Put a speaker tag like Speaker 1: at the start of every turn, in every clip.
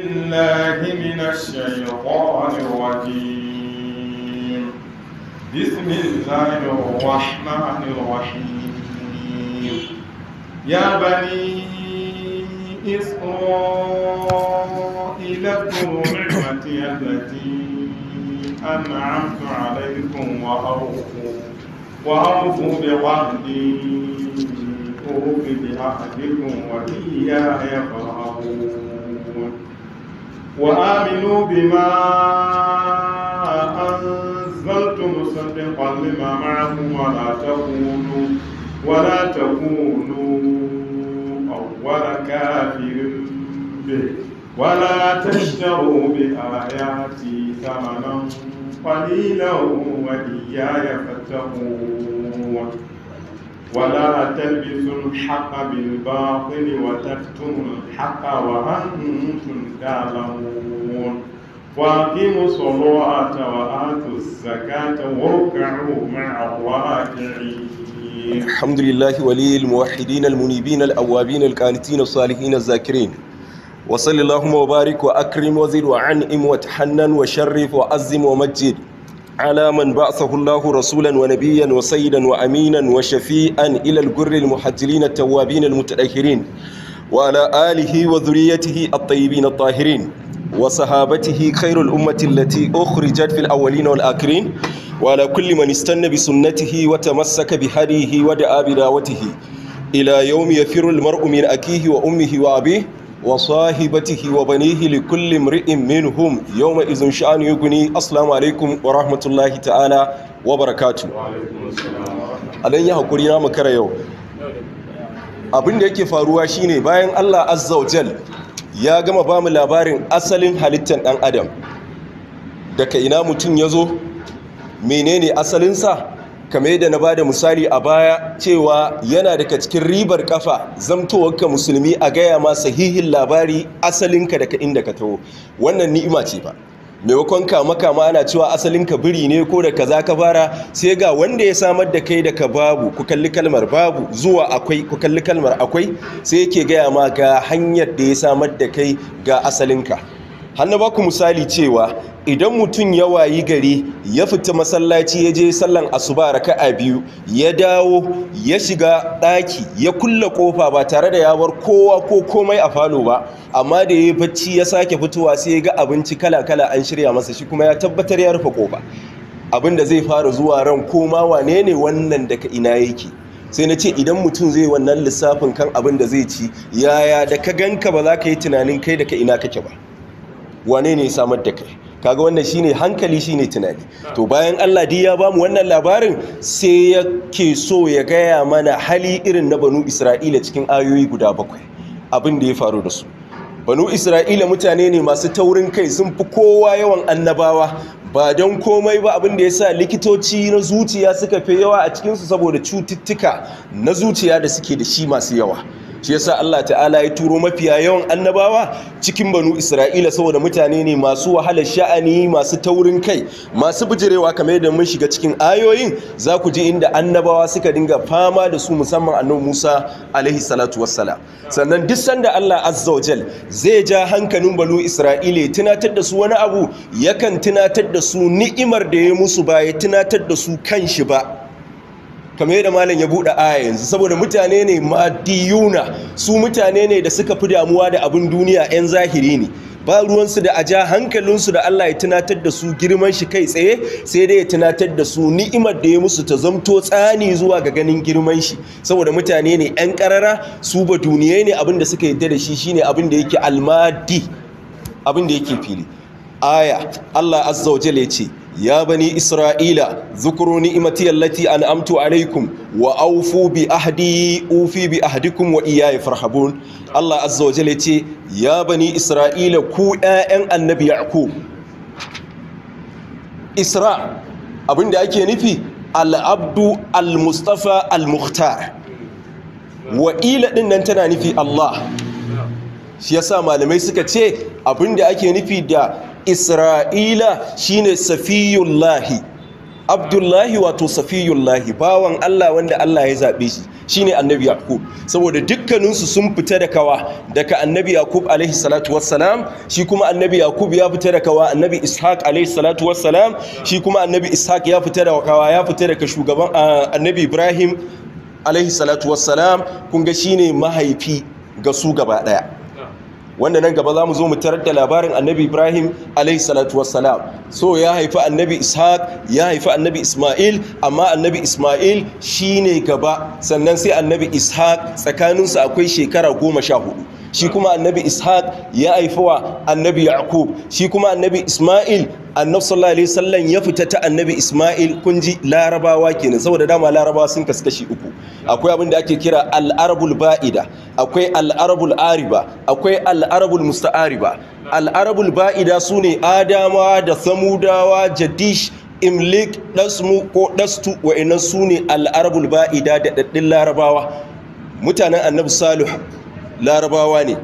Speaker 1: بالله من الشيطان الرجيم بسم الله الرحمن الرحيم يا بني إسرائيل اذكروا نعمتي التي أنعمت عليكم وأوفوا وأوفوا بعهدي أوف بعهدكم وإياي فرحا وآمنوا بما أنزلت مصدقا لما معكم ولا تكونوا ولا تكونوا أول كافر به ولا تشتروا بآياتي ثمنا قليلا وإياي فاتقون ولا تلبسوا الحق بالباطل وتكتموا الحق وأنتم تعلمون وأقيموا الصلاة وآتوا الزكاة واركعوا مع الراكعين الحمد
Speaker 2: لله ولي الموحدين المنيبين الأوابين القانتين الصالحين الذاكرين وصل اللهم وبارك وأكرم وزد وعنئم وتحنن وشرف وعزم ومجد على من بعثه الله رسولا ونبيا وسيدا وأمينا وشفيئا إلى الجر المحجلين التوابين المتأخرين وعلى آله وذريته الطيبين الطاهرين وصحابته خير الأمة التي أخرجت في الأولين والآخرين وعلى كل من استنى بسنته وتمسك بهديه ودعا بدعوته إلى يوم يفر المرء من أكيه وأمه وأبيه wa sahibatihi wa banihi li kulli imri'in minhum yawma idhin sha'anu yughni assalamu alaikum wa rahmatullahi ta'ala wa barakatuh adan hakuri na makara yau abin da yake faruwa shine bayan Allah azza wa jal ya gama bamu labarin asalin halittar dan adam daga ina mutum yazo menene asalinsa kamar yadda na ba da misali a baya cewa yana daga cikin ribar kafa zamtowarka musulmi a gaya ma sahihin labari asalinka daga inda ka taho wannan ni'ima ce ba maimakon kama kama ana cewa asalinka biri ne ko da kaza ka fara sai ga wanda ya samar da kai daga babu ku kalli kalmar babu zuwa akwai ku kalli kalmar akwai sai yake gaya ma ga hanyar da ya samar da kai ga asalinka hannu ba ku misali cewa idan mutum ya wayi gari ya fita masallaci ya je sallan asuba raka'a biyu ya dawo ya shiga ɗaki ya kulle kofa ba tare da ya bar kowa ko komai a falo ba amma da ya yi bacci ya sake fitowa sai ya ga abinci kala-kala an shirya masa shi kuma ya tabbatar ya rufe kofa abin da zai fara zuwa ran koma wane ne wannan daga ina yake sai na ce idan mutum zai wannan lissafin kan abin da zai ci yaya da ka ganka ba za ka yi tunanin kai daga ina kake ba wane ne samar da kai kaga wannan shine hankali shine tunani to bayan Allah dai ya bamu wannan labarin sai yake so ya gaya mana hali irin na banu Isra'ila cikin ayoyi guda bakwai abin da ya faru da su banu Isra'ila mutane ne masu taurin kai sun fi kowa yawan annabawa ba don komai ba abin da ya sa likitoci na zuciya suka fi yawa a cikinsu saboda cututtuka na zuciya da suke da shi masu yawa shi yasa Allah ta'ala ya turo mafiya yawan annabawa cikin banu Isra'ila saboda mutane ne masu wahalar sha'ani masu taurin kai masu bijirewa kamar yadda mun shiga cikin ayoyin za ku ji inda annabawa suka dinga fama da su musamman annabi Musa alaihi salatu wassalam sannan duk sanda Allah azza wajal zai ja hankalin banu Isra'ila tunatar da su wani abu yakan tunatar da su ni'imar da ya musu ba ya tunatar da su shi ba kamar yadda malam ya buɗe aya yanzu saboda mutane ne madiyuna su mutane ne da suka fi damuwa da abin duniya 'yan zahiri ne ba ruwansu da aja hankalinsu da Allah ya tunatar da su girman shi kai tsaye sai dai ya tunatar da su ni'imar da ya musu ta zamto tsani zuwa ga ganin girman shi saboda mutane ne 'yan karara su ba duniya ne abin da suka yadda da shi shine abin da yake almadi abin da yake fili aya Allah azza wa jalla ya ce ya bani isra'ila zukuru ni'imati allati an'amtu alaikum wa awfu bi ahdi ufi bi ahdikum wa iyaya farhabun Allah azza wa jalla ce ya bani isra'ila ku ƴaƴan annabi yaqub isra abinda ake nufi al-abdu al-mustafa al wa ila din nan tana nufi Allah shi yasa malamai suka ce abinda ake nufi da isra'ila shine safiyullahi abdullahi wato safiyullahi bawan allah wanda allah ya zaɓe shi shine annabi yaqub saboda dukkaninsu sun fita da kawa daga annabi yaqub alaihi salatu wassalam shi kuma annabi yaqub ya fita da kawa annabi ishaq alaihi salatu wassalam shi kuma annabi ishaq ya fita da kawa ya fita daga shugaban annabi ibrahim alaihi salatu wassalam kun ga shine mahaifi ga su gaba daya wanda nan gaba za mu zo mu tarar da labarin annabi ibrahim salatu wassalam so ya haifi annabi ishaq ya haifi annabi ismail amma annabi ismail shine gaba sannan sai annabi ishaq tsakaninsu akwai shekara goma sha hudu shi kuma annabi ishaq ya haifuwa annabi yaqub shi kuma annabi isma'il annabi sallallahu alaihi wasallam ya fita ta annabi isma'il kun ji larabawa kenan saboda dama larabawa sun kaskashi uku akwai abin da ake kira al'arabul ba'ida akwai al'arabul ariba akwai al'arabul musta'ariba al'arabul ba'ida sune adama da samudawa jadish imlik dasmu ko dastu wa'annan sune al'arabul ba'ida da daddin larabawa mutanen annabi salihu larabawa ne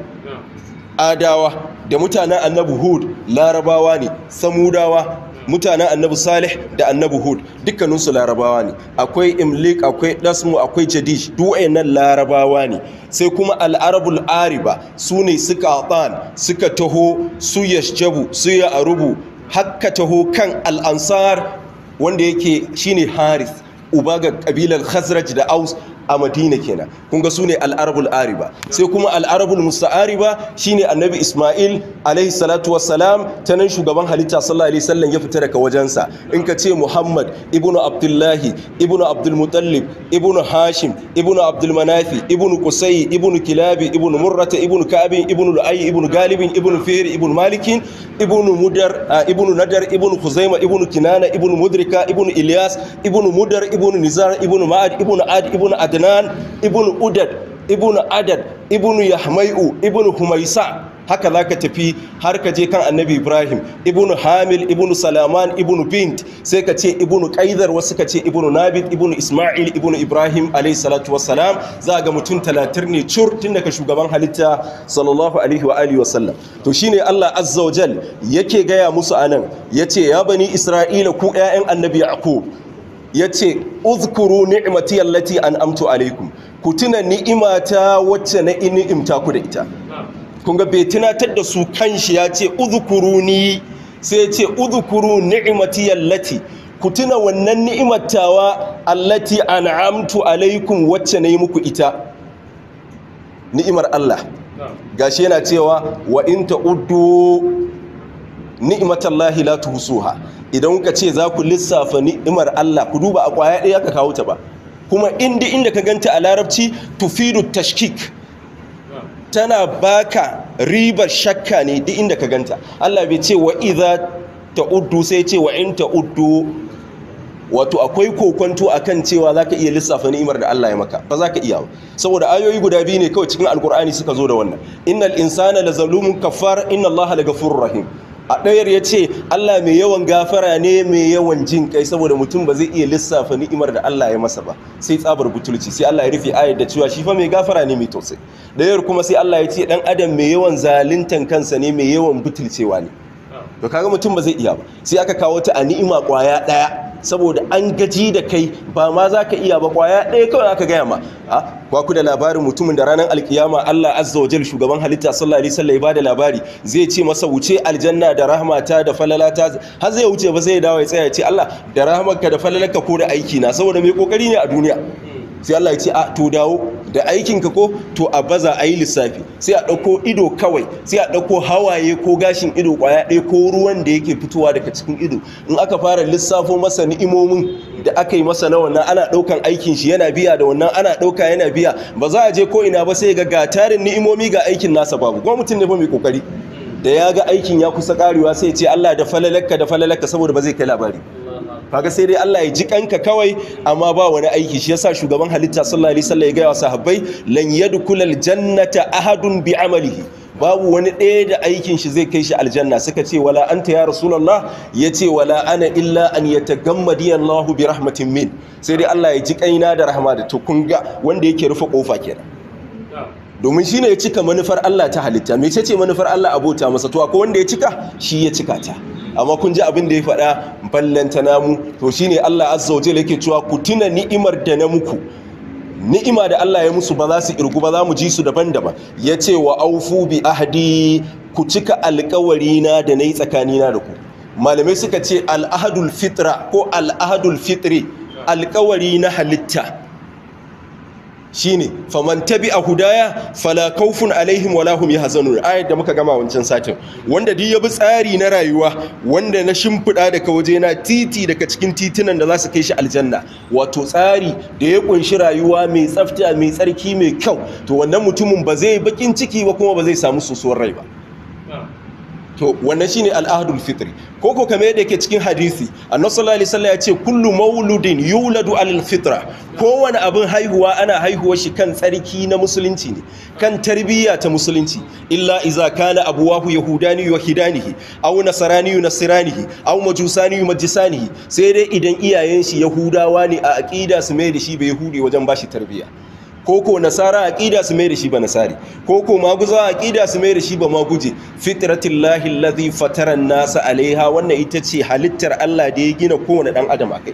Speaker 2: adawa da mutanen annabu hud larabawa ne samudawa mutanen annabu salih da annabu hud dukkaninsu larabawa ne akwai imlik akwai dasmu akwai jadish nan larabawa ne sai kuma al'arabul ariba su ne suka haɗan suka taho su ya yashjabu su ya arubu haka taho kan al'ansar wanda yake shine haris uba ga kabilar khazraj da aus a madina kenan kun ga sune al'arabul ariba sai kuma al'arabul musta'ariba shine annabi isma'il alaihi salatu wassalam ta nan shugaban halitta sallallahu alaihi wasallam ya fita daga wajensa in ka ce muhammad ibnu abdullahi ibnu abdul mutallib ibnu hashim ibnu abdul manafi ibnu qusay ibnu kilabi ibnu murrata ibnu ka'bin ibnu lu'ay ibnu galibin ibnu fihr ibnu malikin ibnu mudar uh, ibnu nadar ibnu khuzaimah ibnu kinana ibnu mudrika ibnu ilyas ibnu mudar ibnu nizar ibnu ma'ad ibnu ad ibnu ad adnan ibn udad ibn adad ibnu yahmai'u ibnu humaisa haka zaka tafi har ka je kan annabi ibrahim ibnu hamil ibnu salaman ibnu bint sai ka ce ibnu qaidar wasu ka ce ibnu nabit ibnu ismail ibnu ibrahim alayhi salatu wassalam za ga mutum talatin ne cur tun daga shugaban halitta sallallahu alaihi wa alihi wasallam to shine allah azza wa jal yake gaya musu anan yace ya bani isra'ila ku ƴaƴan annabi yaqub ya ce uzkuru ni'imati allati amtu alaikum ku tuna ni'imata wacce na imta ku da ita kun ga bai tunatar da su kanshi ya ce uzkuru ni sai ya ce uzkuru ni'imati allati ku tuna wannan ni'imatawa allati amtu alaikum wacce na yi muku ita ni'imar Allah gashi yana cewa wa in ta'uddu lahi la tuhsuha idan kuka ce za ku lissafa ni'imar Allah ku duba a kwaya ɗaya ka kawo ta ba kuma indi inda ka ganta a larabci tufidu tashkik tana baka ribar shakka ne duk inda ka ganta Allah bai ce wa idza uddu sai ce wa in uddu wato akwai kokonto akan cewa zaka iya lissafa ni'imar da Allah ya maka ba zaka iya saboda ayoyi guda biyu ne kawai cikin alkur'ani suka zo da wannan innal insana lazalumun kafar inna la lagafurur rahim a ɗayar ya ce Allah mai yawan gafara ne mai yawan jin kai saboda mutum ba zai iya lissafa ni'imar da Allah ya masa ba sai tsabar butulci sai Allah ya rufe ayar da cewa shi fa mai gafara ne mai tausayi ɗayar kuma sai Allah ya ce ɗan adam mai yawan zalintan kansa ne mai yawan butulcewa ne to kaga mutum ba zai iya ba sai aka kawo ta a ni'ima ƙwaya ɗaya saboda an gaji da kai ba ma za ka iya ba kwaya ɗaya kawai aka gaya ma ah, ba ku da labarin mutumin da ranar alkiyama Allah azza wa shugaban halitta sallallahu alaihi wasallam ba da labari zai ce masa wuce aljanna da rahmata da falalata har zai wuce ba zai dawo ya tsaya ya ce Allah da rahmarka da falalarka ko da aiki na saboda mai kokari ne a duniya sai Allah ya ce a ah, to dawo da aikinka ko to a baza a yi lissafi sai a ɗauko ido kawai sai a ɗauko hawaye ko gashin ido ƙwaya ɗaya ko ruwan da yake fitowa daga cikin ido in aka fara lissafo masa ni'imomin da aka yi masa na wannan ana ɗaukan aikin shi yana biya da wannan ana ɗauka yana biya ba za a je ko ina ba sai ga ga tarin ni'imomi ga aikin nasa babu kuma mutum ne ba mai kokari da ya ga aikin ya kusa karewa sai ya ce Allah da falalaka da falalaka saboda ba zai kai labari kaga sai dai Allah ya ji kanka kawai amma ba wani aiki shi yasa shugaban halitta sallallahu alaihi wasallam ya ga sahabbai lan yadkhulal jannata ahadun bi amalihi babu wani ɗaya da aikin shi zai kai shi aljanna suka ce wala anta ya rasulullah yace wala ana illa an yatagammadi Allahu bi rahmatin min sai dai Allah ya ji kaina da rahma da tukunga wanda yake rufe kofa kenan domin shi ne ya cika manufar Allah ta halitta mai ce manufar Allah abota masa to akwai wanda ya cika shi ya cika ta amma kun ji abin da ya faɗa ballanta namu to shine Allah azza wa jalla yake cewa ku tuna ni'imar da na muku ni'ima da Allah ya musu ba za su irgu ba za mu ji su daban-daban ya ce wa aufu bi ahdi ku cika alkawarina da na yi tsakanina da ku malamai suka ce al'ahadul fitra ko al'ahadul fitri alkawari na halitta Shi shine famantabi a hudaya falakaufin alaihim walahum ya hazanu ayat da muka gama wancan satin wanda duk ya bi tsari na rayuwa wanda na shimfiɗa daga wajena titi daga cikin titunan da za su kai shi aljanna wato tsari da ya ƙunshi rayuwa mai tsafta mai tsarki mai kyau to wannan mutumin ba zai baƙin ciki ba kuma ba zai samu sosuwar rai ba to wannan shine al'adul fitri ko ko kamar yadda yake cikin hadisi annabi sallallahu alaihi wasallam ya ce kullu mauludin yuladu alal fitra kowane abin haihuwa ana haihuwa shi kan tsarki na musulunci ne kan tarbiyya ta musulunci illa iza kana abuwahu yahudani wa hidanihi aw nasarani yunasiranihi aw majusani yumajisanihi sai dai idan iyayen shi yahudawa ne a aqida su mai da shi bai yahudi wajen bashi tarbiyya Koko Nasara nasara aqida su mai da shi ba nasari koko Maguza maguza aqida su mai da shi ba maguje fitratillahi allazi fatara an-nasa alaiha wannan ita ce halittar Allah da ya gina kowane dan adam akai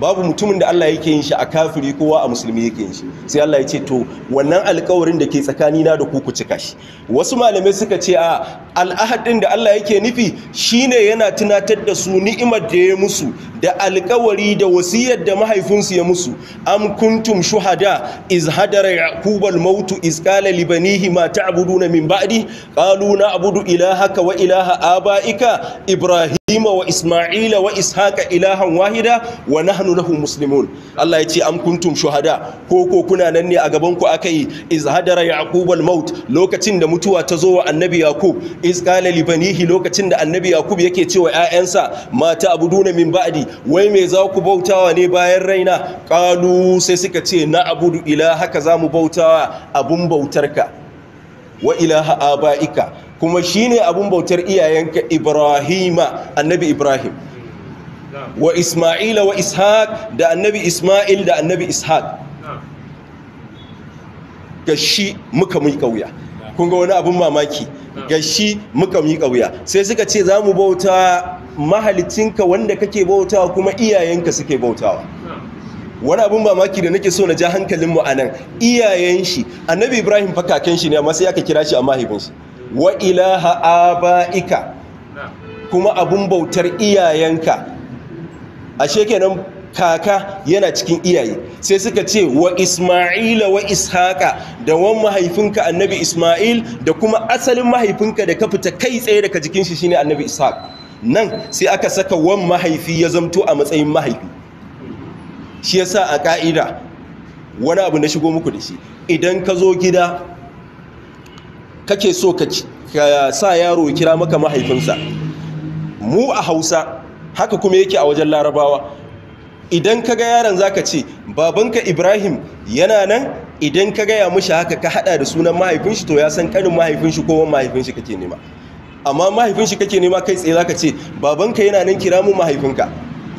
Speaker 2: babu mutumin da Allah yake yin shi a kafiri kowa a musulmi yake yin shi sai Allah ya ce to wannan alƙawarin da ke tsakani na da ku ku cika shi wasu malamai suka ce a al'ahadin da Allah yake nufi shine yana tunatar da su ni'imar da ya musu da alƙawari da wasiyar da mahaifinsu ya musu am kuntum shuhada iz hadara al mautu iz qala li banihi ma ta'buduna min ba'di qalu na'budu ilaha wa ilaha aba'ika ibrahim Ima wa Ismaila wa ishaka ilahan wahida wa nahnu lahu muslimun Allah yace am kuntum shuhada ko ko kuna nan ne a gaban ku akai iz hadara yaqub al maut lokacin da mutuwa ta zo wa annabi yaqub iz li banihi lokacin da annabi yaqub yake cewa 'ya'yansa, mata abuduna min ba'di wai me za ku bautawa ne bayan raina qalu sai suka ce na abudu ilahaka zamu bautawa abun bautarka wa ilaha abaika kuma shi ne abin bautar iyayenka Ibrahima annabi Ibrahim wa Isma'ila wa Ishaq da annabi Isma'il da annabi Ishaq ga shi muka miƙa wuya kun ga wani abin mamaki ga shi muka miƙa wuya sai suka ce za mu bauta mahalicinka wanda kake bautawa kuma iyayenka suke bautawa wani abin mamaki da nake so na ja hankalinmu a nan iyayen shi annabi ibrahim fakakenshi ne amma sai aka kira shi a mahaifinsu wa ilaha aba'ika kuma abun bautar iyayenka ashe kenan kaka yana cikin iyaye sai suka ce wa isma'ila wa ishaqa da wan mahaifinka annabi isma'il da kuma asalin mahaifinka da ka fita kai tsaye daga jikin shi shine annabi ishaq nan sai aka saka wan mahaifi ya zamto a matsayin mahaifi shi yasa a ka'ida wani abu na shigo muku da shi idan ka zo gida kake so ka sa yaro ya kira maka mahaifinsa mu a hausa haka kuma yake a wajen larabawa idan ka ga yaron zaka ce babanka ibrahim yana nan idan ka gaya mashi haka ka hada da sunan mahaifin to ya san kanin mahaifin shi ko wani mahaifin shi kake nema amma mahaifin shi kake nema kai tsaye zaka ce babanka yana nan kira mu mahaifinka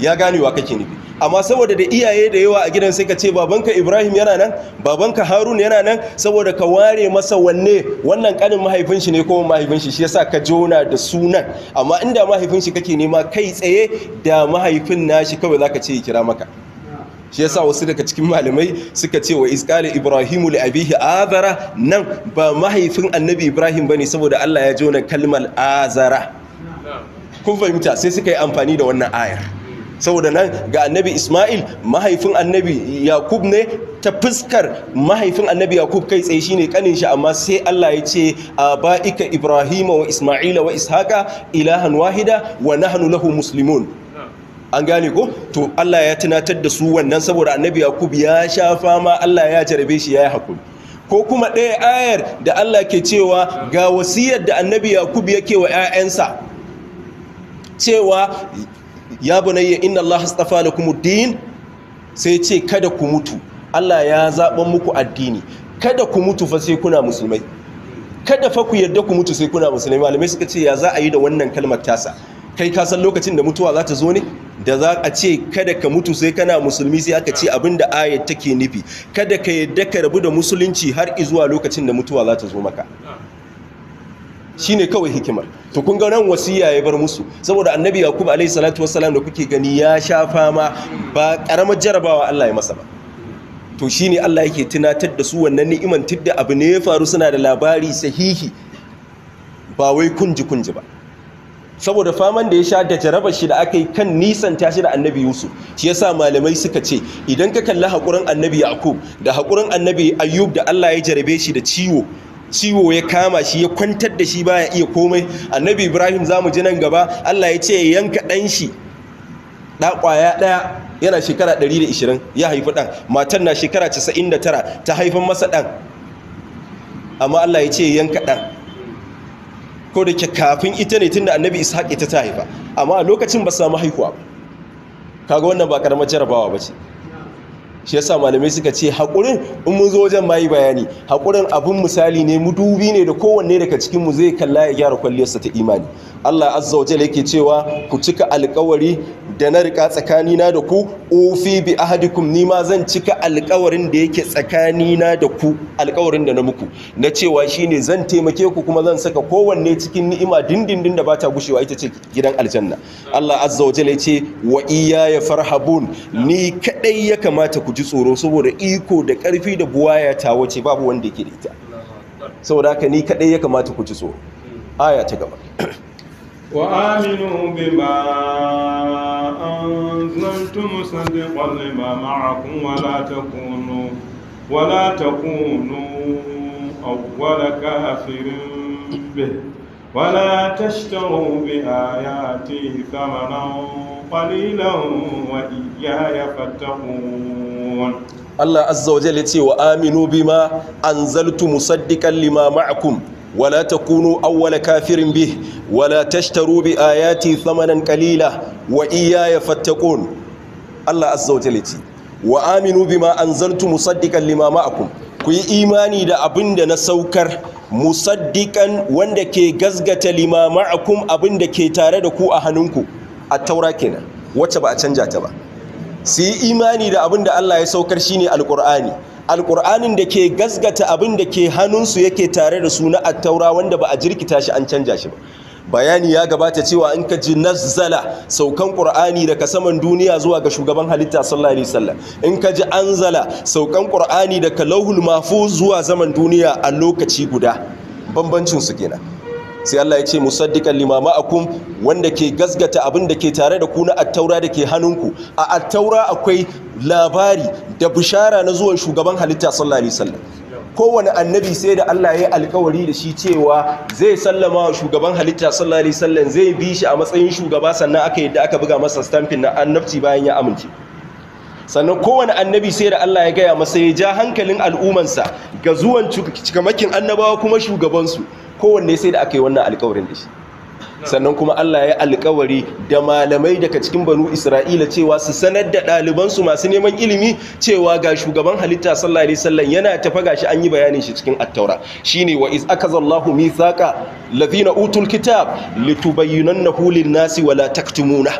Speaker 2: ya ganewa kake nufi amma saboda da iyaye da yawa a gidan sai ka ce babanka ibrahim yana nan babanka harun yana nan saboda ka ware masa wanne wannan kanin mahaifin shi ne ko mahaifin shi shi yasa ka jona da sunan amma inda mahaifin shi kake nema kai tsaye da mahaifin nashi kawai zaka ce kira maka shi yasa wasu daga cikin malamai suka ce wa isqala ibrahimu li abihi azara nan ba mahaifin annabi ibrahim bane saboda Allah ya jona kalmar azara kun fahimta sai suka yi amfani da wannan ayar saboda nan ga annabi ismail mahaifin annabi yakub ne ta fuskar mahaifin annabi yakub kai tsaye shine kanin shi amma sai Allah ya ce abaika ibrahima wa ismaila wa ishaqa ilahan wahida wa nahnu lahu muslimun an gane ko to Allah ya tunatar da su wannan saboda annabi yakub ya sha fama Allah ya jarabe shi ya yi hakuri ko kuma ɗaya ayar da Allah ke cewa ga wasiyar da annabi yakub yake wa 'ya'yansa cewa ya bunayya inna Allah astafa lakum ad-din sai ce kada ku mutu Allah ya zaɓa muku addini kada ku mutu fa sai kuna musulmai kada fa ku yarda ku mutu sai kuna musulmai malamai suka ce ya za a yi da wannan kalmar tasa kai ka san lokacin da mutuwa za ta zo ne da za a ce kada ka mutu sai kana musulmi sai aka ce abin da ayat take nufi kada ka yarda ka rabu da musulunci har izuwa lokacin da mutuwa za ta zo maka Shi ne kawai hikimar to kun ga nan wasiya ya bar musu saboda annabi yakub alayhi salatu wassalam da kuke gani ya sha fama ba karamar jarabawa Allah ya masa ba to shi ne Allah yake tunatar da su wannan ni'iman tidda abu ne ya faru suna da labari sahihi ba wai kunji kunji ba saboda faman da ya sha da jarabar shi da aka yi kan nisan shi da annabi yusuf shi yasa malamai suka ce idan ka kalli haƙurin annabi yakub da haƙurin annabi ayyub da allah ya jarabe shi da ciwo ciwo ya kama shi ya kwantar da shi baya iya komai annabi ibrahim za mu ji nan gaba allah ya ce ya yanka ɗan shi ɗa ɗaya yana shekara 120 ya haifi ɗan matan na shekara 99 ta haifin masa ɗan amma allah ya ce ya yanka ɗan ko da ke kafin ita ne tun da annabi ishaq ita ta haifa amma a lokacin ba samu haihuwa ba kaga wannan ba karamar jarabawa ba ce shi yasa malamai suka ce haƙurin in mun zo wajen mayi bayani haƙurin abin misali ne mu dubi ne da kowanne daga cikin mu zai kalla ya gyara kwalliyarsa ta imani Allah azza wa jalla yake cewa ku cika alƙawari da na riƙa na da ku ufi bi ahadikum ni ma zan cika alƙawarin da yake tsakanina da ku alƙawarin da na muku na cewa shine zan taimake ku kuma zan saka kowanne cikin ni'ima dindindin da bata gushewa ita ce gidan aljanna Allah azza wa jalla ya ce wa iyaya farhabun ni kadai ya kamata ku ku ji tsoro saboda iko da ƙarfi da buwaya ta wace babu wanda ke da ita saboda haka ni kadai ya kamata ku ji tsoro aya ta gaba
Speaker 1: wa aminu bi ma anzaltu musaddiqan lima ma'akum wa la takunu wa la takunu awwala kafirin bih ولا تشتروا بآياتي ثمنا قليلا وإياي فاتقون
Speaker 2: الله عز وجل يتي وآمنوا بما أنزلت مصدقا لما معكم ولا تكونوا أول كافر به ولا تشتروا بآياتي ثمنا قليلا وإياي فاتقون الله عز وجل يتي وآمنوا بما أنزلت مصدقا لما معكم كي إيماني دا أبند نسوكر Musaddikan wanda ke gazgata limama akum abin da ke tare da ku a hannunku a taura kenan wacce ba a canja ta ba su yi imani da abin da Allah ya saukar shine Alƙur'ani. Alƙur'anin da ke gazgata abin da ke hannunsu yake tare da su na a taura wanda ba a jirkita shi an canja shi ba bayani ya gabata cewa in ka ji nazzala saukan qur'ani daga saman duniya zuwa ga shugaban halitta sallallahu alaihi wasallam in ka ji anzala saukan qur'ani daga lauhul mahfuz zuwa zaman duniya a lokaci guda bambancin su kenan sai Allah ya ce musaddiqan a wanda ke gasgata abin da ke tare da ku na attaura da ke hannunku a attaura akwai labari da bishara na zuwan shugaban halitta sallallahu alaihi wasallam kowane annabi sai da Allah ya yi alkawari da shi cewa zai sallama shugaban halitta sallallahu alaihi wasallam zai bi shi a matsayin shugaba sannan aka yadda aka buga masa stamping na annabci bayan ya amince sannan kowane annabi sai da Allah ya gaya masa ya ja hankalin al'umansa ga zuwan cikamakin annabawa kuma shugabansu kowanne sai da aka yi wannan alkawarin da shi sannan kuma Allah ya alkawari da malamai daga cikin banu Isra'ila cewa su sanar da ɗalibansu masu neman ilimi cewa ga shugaban halitta sallallahu alaihi wasallam yana tafa gashi an yi bayanin shi cikin at-taura shine wa iz akazallahu mithaqa ladina utul kitab litubayyinannahu lin-nasi wala taktumuna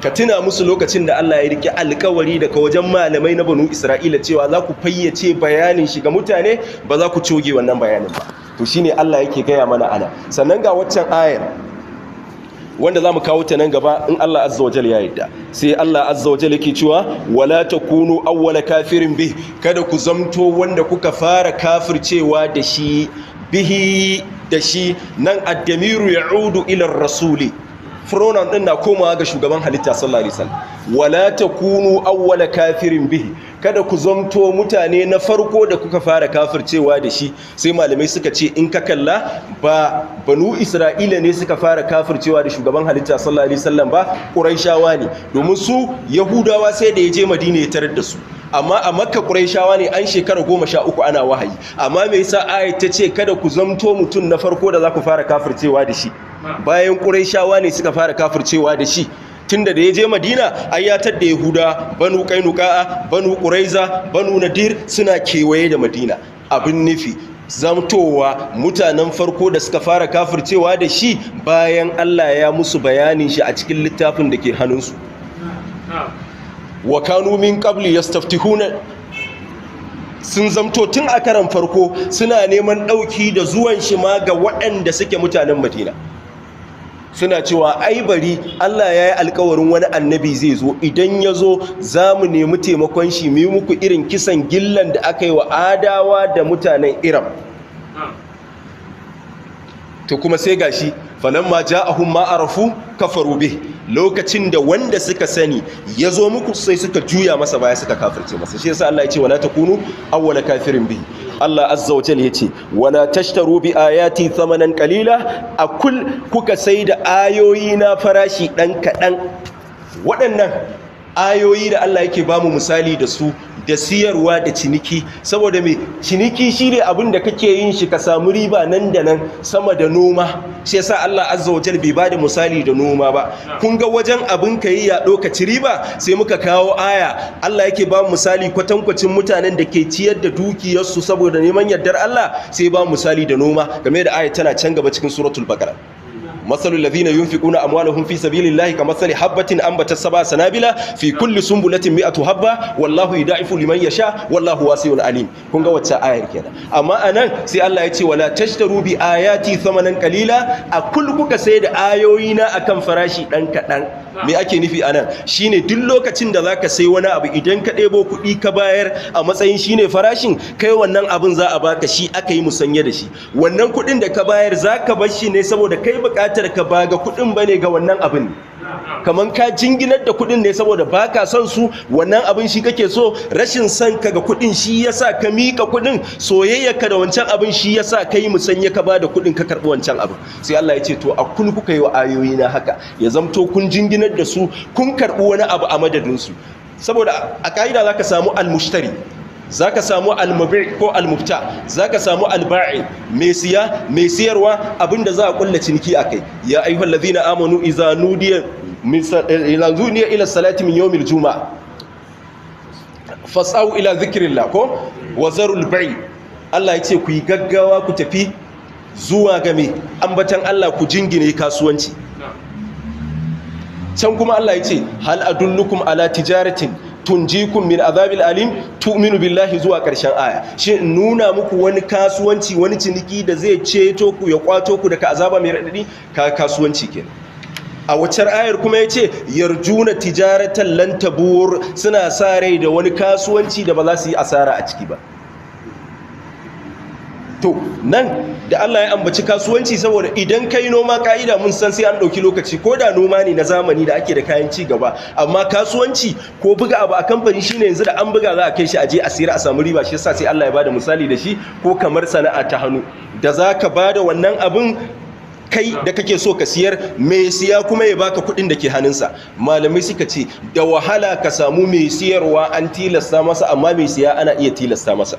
Speaker 2: ka tuna musu lokacin da Allah ya rike alkawari daga wajen malamai na banu Isra'ila cewa za ku fayyace bayanin shi ga mutane ba za ku coge wannan bayanin ba to shine Allah yake gaya mana ana sannan ga waccan ayar wanda za mu kawo ta nan gaba in Allah azza wa jalla ya yadda sai Allah azza wa jalla yake cewa wala takunu awwala kafirin bi kada ku zamto wanda kuka fara kafircewa da shi bihi da shi nan addamiru ya'udu ila rasuli pronoun din na komawa ga shugaban halitta sallallahu alaihi wasallam wala takunu awwala kafirin bihi kada ku zamto mutane na farko da kuka fara kafircewa da shi sai malamai suka ce in ka kalla ba banu isra'ila ne suka fara kafircewa da shugaban halitta sallallahu alaihi wasallam ba quraishawa ne domin su yahudawa sai da ya je madina ya tarar da su amma a makka quraishawa ne an shekara goma sha uku ana wahayi amma mai sa ayat ta ce kada ku zamto mutum na farko da za ku fara kafircewa da shi bayan ƙuraishawa ne suka fara kafircewa da shi tunda da ya je madina ayyatar da yahuda banu kainuka'a banu ƙuraiza banu nadir suna kewaye da madina abin nufi zamtowa mutanen farko da suka fara kafircewa da shi bayan allah ya musu bayanin shi a cikin littafin da ke hannunsu wa kanu ƙabli qabli sun zamto tun a karan farko suna neman ɗauki da zuwan shi ma ga waɗanda suke mutanen madina suna cewa ai bari Allah ya yi alkawarin wani annabi zai zo idan ya zo za mu nemi taimakon shi mu muku irin kisan gillan da aka yi wa adawa da mutanen iram to kuma sai gashi falamma ja'ahum ma arafu kafaru bih lokacin da wanda suka sani ya zo muku sai suka juya masa baya suka kafirce masa shi yasa Allah ya ce wala kunu awwala kafirin bihi Allah azza wajal yace wala tashtaru bi ayati kalila a kul kuka saida ayoyi na farashi dan kaɗan? waɗannan ayoyi da Allah yake bamu misali da su da siyarwa da ciniki saboda mai ciniki shi ne abin da kake yin shi ka samu riba nan da nan sama da noma shi yasa Allah azza wa jalla bai bada misali da noma ba kun ga wajen abin ka yi ya doka ci riba sai muka kawo aya Allah yake ba misali kwatankwacin mutanen da ke ciyar da dukiyarsu saboda neman yardar Allah sai ba misali da noma game da aya tana can gaba cikin suratul baqara masalul ladhina yunfiquna amwalahum hunfi sabilillahi kamathali habatin ambatat sab'a sanabila fi kulli sumbulatin mi'atu habba wallahu yudaifu ya sha. wallahu wasi'un alim kun ga wacce ayar kenan amma anan sai Allah ya ce wala tashtaru bi sama thamanan qalila a kullu kuka sai da ayoyina akan farashi ɗan kaɗan. me ake nufi anan shine duk lokacin da zaka sai wani abu idan ka ɗebo kuɗi ka bayar a matsayin shine farashin kai wannan abin za a baka shi aka yi musanya da shi wannan kuɗin da ka bayar zaka bar shi ne saboda kai buƙatar ka ba ga kuɗin bane ga wannan abin kamar ka jinginar da kuɗin ne saboda ba ka son su wannan abin shi kake so rashin son ka ga kuɗin shi ya sa ka miƙa kuɗin soyayyarka da wancan abin shi ya sa ka yi musanya ka ba da kuɗin ka karɓi wancan abin sai Allah ya ce to a kun kuka yi wa ayoyi na haka ya zamto kun jinginar da su kun karɓi wani abu a madadin su saboda a ka'ida za ka samu almushtari za ka samu almabi ko almubta za ka samu alba'i mai siya mai siyarwa abinda za a kulla ciniki a kai ya ayyuhallazina amanu iza nudiya Eh, yanzu ne ila salati min yawmil juma'a fasau ila zikirin ko wazarul bai Allah ya ce ku yi gaggawa ku tafi zuwa game ambatan Allah ku jingine kasuwanci can kuma Allah ya ce hal adullukum ala tijaratin tunjikum min azabil alim tu'minu billahi zuwa karshen aya shi nuna muku wani kasuwanci wani ciniki da zai ceto ku ya kwato ku daga azaba mai radadi ka kasuwanci kenan a wacar ayar kuma ya ce yarjuna tijaratan lantabur suna sa rai da wani kasuwanci da ba za su yi asara a ciki ba to nan da Allah ya ambaci kasuwanci saboda idan kai noma ka'ida mun san sai an ɗauki lokaci ko da noma ne na zamani da ake da kayan ci gaba amma kasuwanci ko buga abu a kamfani shine yanzu da an buga za a kai shi je a sayar a samu riba shi yasa sai Allah ya bada misali da shi ko kamar sana'a ta hannu da zaka bada wannan abin kai da kake so ka siyar mai siya kuma ya baka kudin da ke hannunsa malamai suka ce da wahala ka samu mai siyarwa an tilasta masa amma mai siya ana iya tilasta masa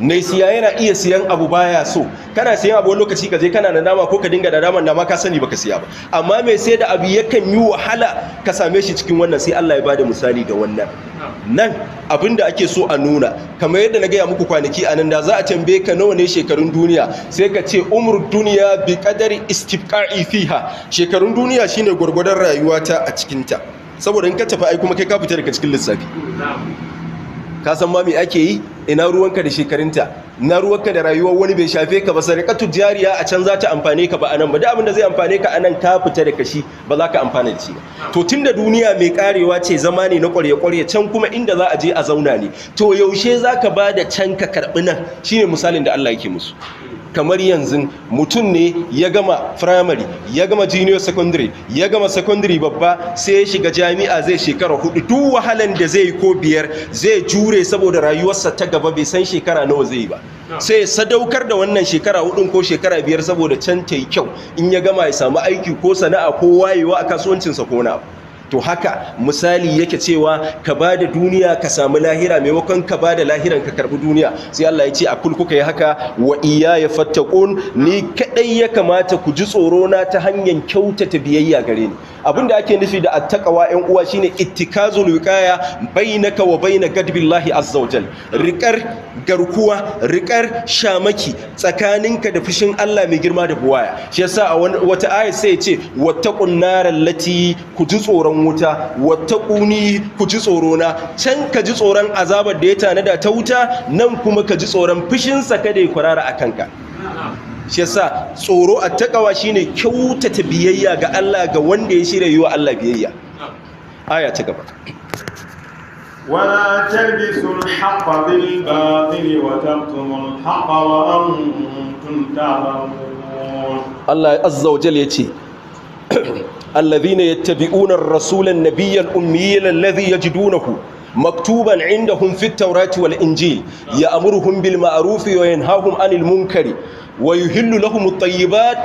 Speaker 2: mai siya yana iya siyan abu baya so kana siyan abu lokaci ka je kana da dama ko ka dinga da dama da ma ka sani baka siya ba amma mai sai da abu yakan yi wahala ka same shi cikin wannan sai Allah ya bada misali da wannan nan abin da ake so a nuna kamar yadda na gaya muku kwanaki a nan da za a tambaye ka nawa ne shekarun duniya sai ka ce umur duniya bi kadari fiha shekarun duniya shine gwargwadon rayuwa ta a cikin ta saboda in ka tafi ai kuma kai ka fita daga cikin lissafi ka san ma me ake yi ina ruwanka da shekarunta na ruwanka da rayuwar wani bai shafe ka ba sarikatu jariya a can za ta amfane ka ba anan ba da abin da zai amfane ka anan ka fita da kashi ba za ka amfana da shi ba? to tun da duniya mai karewa ce zama ne na kwarye-kwarye can kuma inda za a je a zauna ne to yaushe za ka ba da can ka karɓi nan shine misalin da Allah yake musu kamar yanzu mutum ne ya gama firamare ya gama junior secondary ya gama secondary babba sai ya shiga jami'a zai shekara hudu duk wahalan da zai yi ko biyar zai jure saboda rayuwarsa ta gaba bai san shekara nawa zai ba sai ya sadaukar da wannan shekara hudun ko shekara biyar saboda can ta kyau in ya gama ya samu aiki ko sana'a ko wayewa a kasuwancinsa ko na to haka misali yake cewa ka ba da duniya ka samu lahira maimakon ka ba da lahiran ka karbi duniya sai Allah ya ce a kul kuka yi haka wa iya ya fattakun ni kadai ya kamata ku ji tsoro na ta hanyar kyautata biyayya gare ni Abin da ake nufi da attaqwa ɗan uwa shine ittikazul wiqaya bainaka wa baina, gadbillahi azza wajal riƙar garkuwa riƙar shamaki tsakaninka da fushin Allah mai girma da buwaya shi yasa a wata aya sai ce wattaqun naral lati ku ji tsoron wuta wattaquni ku ji na. can ka ji tsoron azabar da ya tanada ta wuta nan kuma ka ji tsoron fushin sa kada ya kwarara akanka shi yasa tsoro a takawa shine kyautata biyayya ga Allah ga wanda ya shirya yiwa Allah biyayya aya ta gaba
Speaker 1: wala talbisul haqqa bil batili wa tamtumul haɓa wa antum ta'lamun
Speaker 2: Allah azza wa jalla yace alladhina yattabi'una ar-rasula an-nabiyya al-ummiyya alladhi yajidunahu maktuban inda indahum fit taurati wal injil ya'muruhum bil ma'arufi wa yanhahum 'anil munkari wa yuhillu lahum at-tayyibat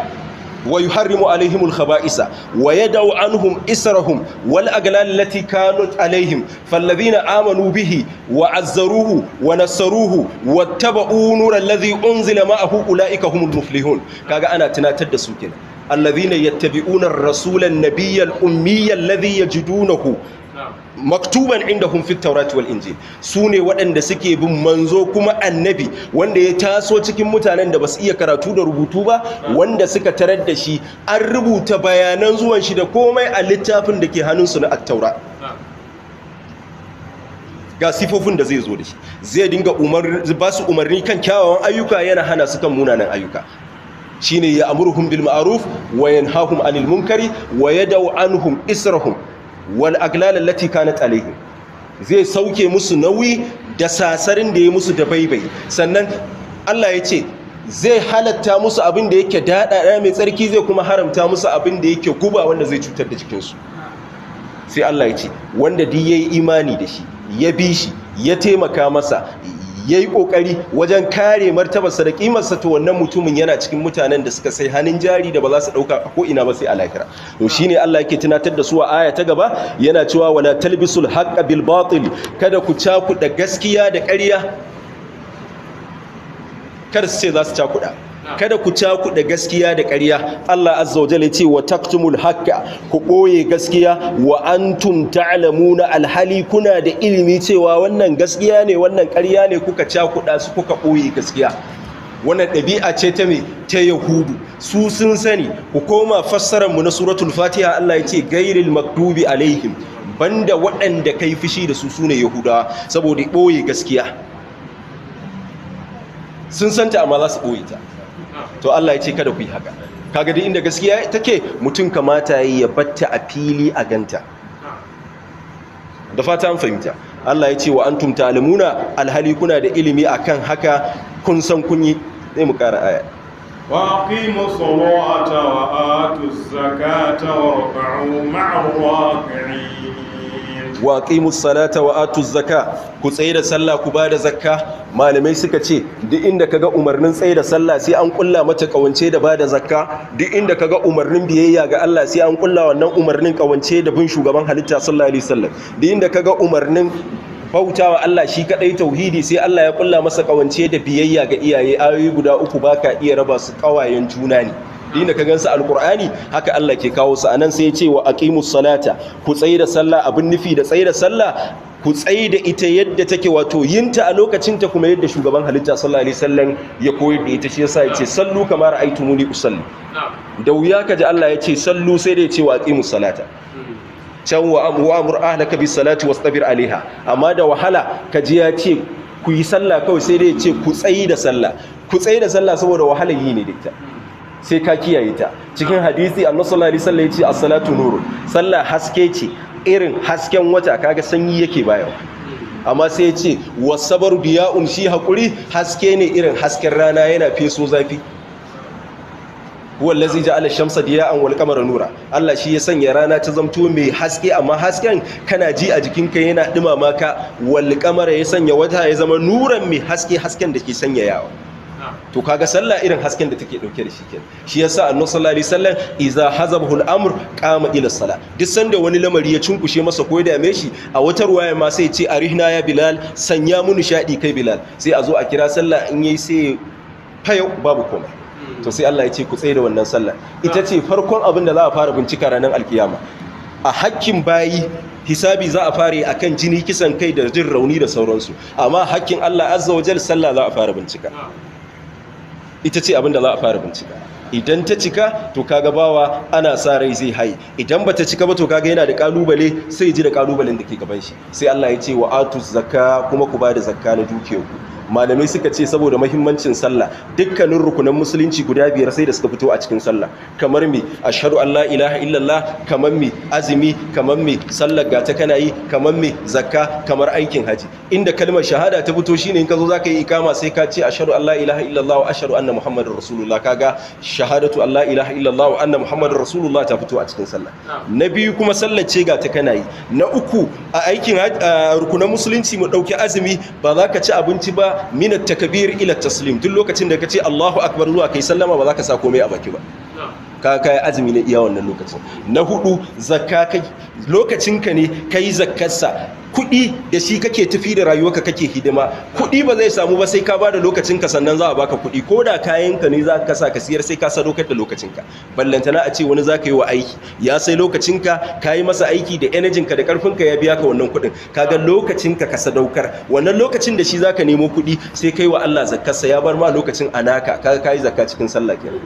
Speaker 2: wa yuharrimu 'alayhim al-khaba'isa wa yad'u 'anhum israhum wal lati allati alaihim Fallabi na amanu bihi wa 'azzaruhu wa nasaruhu wattaba'u nural ladhi unzila ma'ahu ulaika humul muflihun kaga ana tunatar da su kenan الذين يتبعون الرسول النبي الأمي الذي يجدونه maktuban inda hun fit tawrat wal injil ne waɗanda suke bin manzo kuma annabi wanda ya taso cikin mutanen da ba su iya karatu da rubutu ba wanda suka tarar da shi an rubuta bayanan zuwan shi da komai a littafin da ke hannunsu na aktaura. ga sifofin da zai zo da shi zai dinga ba su umarni kan kyawawan ayyuka yana hana su kan munanan ayyuka shine ya amuruhum bil ma'ruf wa yanhahum anil munkari wa yad'u anhum israhum wal aglal Latika na alaihim zai sauke musu nauyi da sasarin da ya musu da baibai sannan Allah ya ce zai halatta musu abin da yake daɗaɗa mai tsarki zai kuma haramta musu abin da yake guba wanda zai cutar da jikinsu sai Allah ya ce wanda duk yayi imani da shi ya bi shi ya taimaka masa ya yi ƙoƙari wajen kare martabarsa da ƙimarsa to wannan mutumin yana cikin mutanen da suka sai hannun jari da ba za su ɗauka a ko'ina ba sai a lahira to shi ne Allah yake tunatar da su a aya ta gaba yana cewa wala talbisul haƙa bil kada ku cakuɗa gaskiya da ƙarya kar sai za su cakuɗa kada ku cakuɗa gaskiya da ƙarya Allah azza wa jalla ce wa taktumul haqqa ku ɓoye gaskiya wa antum ta'lamuna alhali kuna da ilimi cewa wannan gaskiya ne wannan ƙarya ne kuka cakuɗa su kuka boye gaskiya wannan ɗabi'a ce ta mai ta yahudu su sun sani ku koma mu na suratul fatiha Allah ya ce gairil makdubi alaihim banda waɗanda kai fushi da su sune yahudawa saboda ɓoye gaskiya sun santa amma za su ɓoye ta to Allah ya ce kada ku yi haka kaga duk inda gaskiya take mutum kamata yi ya batta a fili a ganta da fata an fahimta Allah ya ce wa antum talimuna alhali kuna da ilimi akan haka kun san kun yi sai mu kara aya
Speaker 1: وأقيموا الصلاة وآتوا الزكاة واركعوا مع الراكعين
Speaker 2: wa aqimus salata wa atuz zaka ku tsaye da sallah ku bada zakka malamai suka ce duk inda kaga umarnin tsaye da sallah sai an kulla mata kawance da bada zakka duk inda kaga umarnin biyayya ga Allah sai an kulla wannan umarnin kawance da bin shugaban halitta sallallahu alaihi wasallam duk inda kaga umarnin bautawa Allah shi kadai tauhidi sai Allah ya kulla masa kawance da biyayya ga iyaye ayoyi guda uku baka iya raba su kawayen juna ne dina ka gansu Alƙur'ani, haka Allah ke kawo su anan sai ya ce wa aqimus salata ku tsaye da sallah abin nufi da tsaye da sallah ku tsaye da ita yadda take wato yinta a lokacin ta kuma yadda shugaban halitta sallallahu alaihi wasallam ya koyar da ita shi yasa ya ce sallu kamar aitumuni usalli da wuya ka ji Allah ya ce sallu sai da ya ce wa aqimus salata can wa amur ahlaka bis salati wastabir alaiha amma da wahala kaji ya ce ku yi sallah kawai sai dai ce ku tsayi da sallah ku tsayi da sallah saboda wahalar yi ne dikta sai ka kiyaye ta cikin hadisi annabi sallallahu alaihi wasallam yace as-salatu nuru sallah haske ce irin hasken wata kaga sanyi yake bayan amma sai yace biya diya'un shi hakuri haske ne irin hasken rana yana feso zafi wallazi ja'ala shamsa diya'an wal qamara nura Allah shi ya sanya rana ta zamto mai haske amma hasken kana ji a jikinka yana dumama ka wal qamara ya sanya wata ya zama nuran mai haske hasken da ke sanya yawa. to kaga sallah irin hasken da take dauke da shi kenan shi yasa annabi sallallahu alaihi wasallam idza hazabahu al-amr qama ila salah duk sanda wani lamari ya cunkushe masa ko da me shi a wata ruwaya ma sai ce arihna ya bilal sanya mu nishadi kai bilal sai a zo a kira sallah in yayi sai fayo babu komai to sai Allah ya ce ku tsaye da wannan sallah ita ce farkon abin da za a fara bincika ranar alkiyama a hakkin bayi hisabi za a fare akan jini kisan kai da jin rauni da sauransu amma hakkin Allah azza sallah za a fara bincika ita ce abin da za a fara bincika idan ta cika to kaga bawa ana sa rai zai hai idan bata cika ba to kaga yana da kalubale sai ji da kalubalen da ke gaban shi sai Allah ya ce wa atuz zakka kuma ku ba da zakka na dukiyarku malamai suka ce saboda mahimmancin sallah dukkanin rukunan musulunci guda biyar sai da suka fito a cikin sallah kamar mi ashadu Allah la ilaha illallah kamar mi azumi kamar mi sallar gata kana yi kamar mi zakka kamar aikin haji inda kalmar shahada ta fito shine in ka zo zaka yi ikama sai ka ce ashadu Allah la ilaha illallah wa ashadu anna muhammadar rasulullah kaga shahadatu Allah la ilaha illallah wa anna muhammadar rasulullah ta fito a cikin sallah na biyu kuma sallar ce gata kana yi na uku a aikin rukunan musulunci mu dauki azumi ba za ka ci abinci ba minat takabir ila taslim duk lokacin da ka ce Allahu akbar zuwa kai sallama ba za ka sa komai a baki ba ka kai azumi ne iya wannan lokacin na hudu zakka kai ka ne kai zakkarsa kuɗi da shi kake tafi da rayuwarka kake hidima kuɗi ba zai samu ba sai ka bada ka sannan za a baka kuɗi ko da kayanka ne za ka sa ka siyar sai ka sadaukar da lokacinka ballantana a ce wani za ka yi wa aiki ya sai lokacin ka yi masa aiki da ka da ƙarfinka ya biya ka wannan kuɗin kaga lokacinka ka sadaukar wannan lokacin da shi za ka nemo kuɗi sai kai wa Allah zakkarsa ya bar ma lokacin anaka kaga ka yi zakka cikin sallah kenan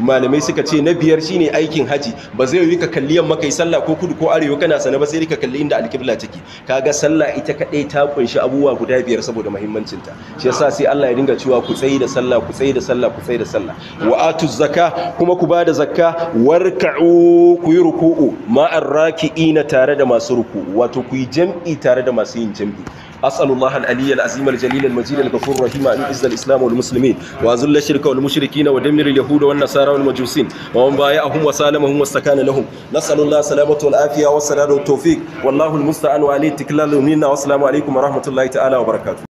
Speaker 2: malamai suka ce na biyar shine aikin haji ba zai yi ka kalliyan maka yi sallah ko kudu ko arewa kana sana ba sai ka kalli inda alkibla take ka kaga sallah ita kadai ta kunshi abubuwa guda biyar saboda muhimmancinta shi yasa sai Allah ya dinga cewa ku tsayi da sallah ku tsayi da sallah ku tsayi da sallah wa atu zakka kuma ku bada zakka warka'u ku yi ruku'u ma'ar raki'ina tare da masu ruku'u wato ku yi jam'i tare da masu yin jam'i أسأل الله العلي العظيم الجليل المجيد الغفور الرحيم أن يعز الإسلام والمسلمين وأذل الشرك والمشركين ودمر اليهود والنصارى والمجوسين ومن بايعهم وسالمهم واستكان لهم نسأل الله السلامة والعافية والسداد والتوفيق والله المستعان وعليه التكلال منا والسلام عليكم ورحمة الله تعالى وبركاته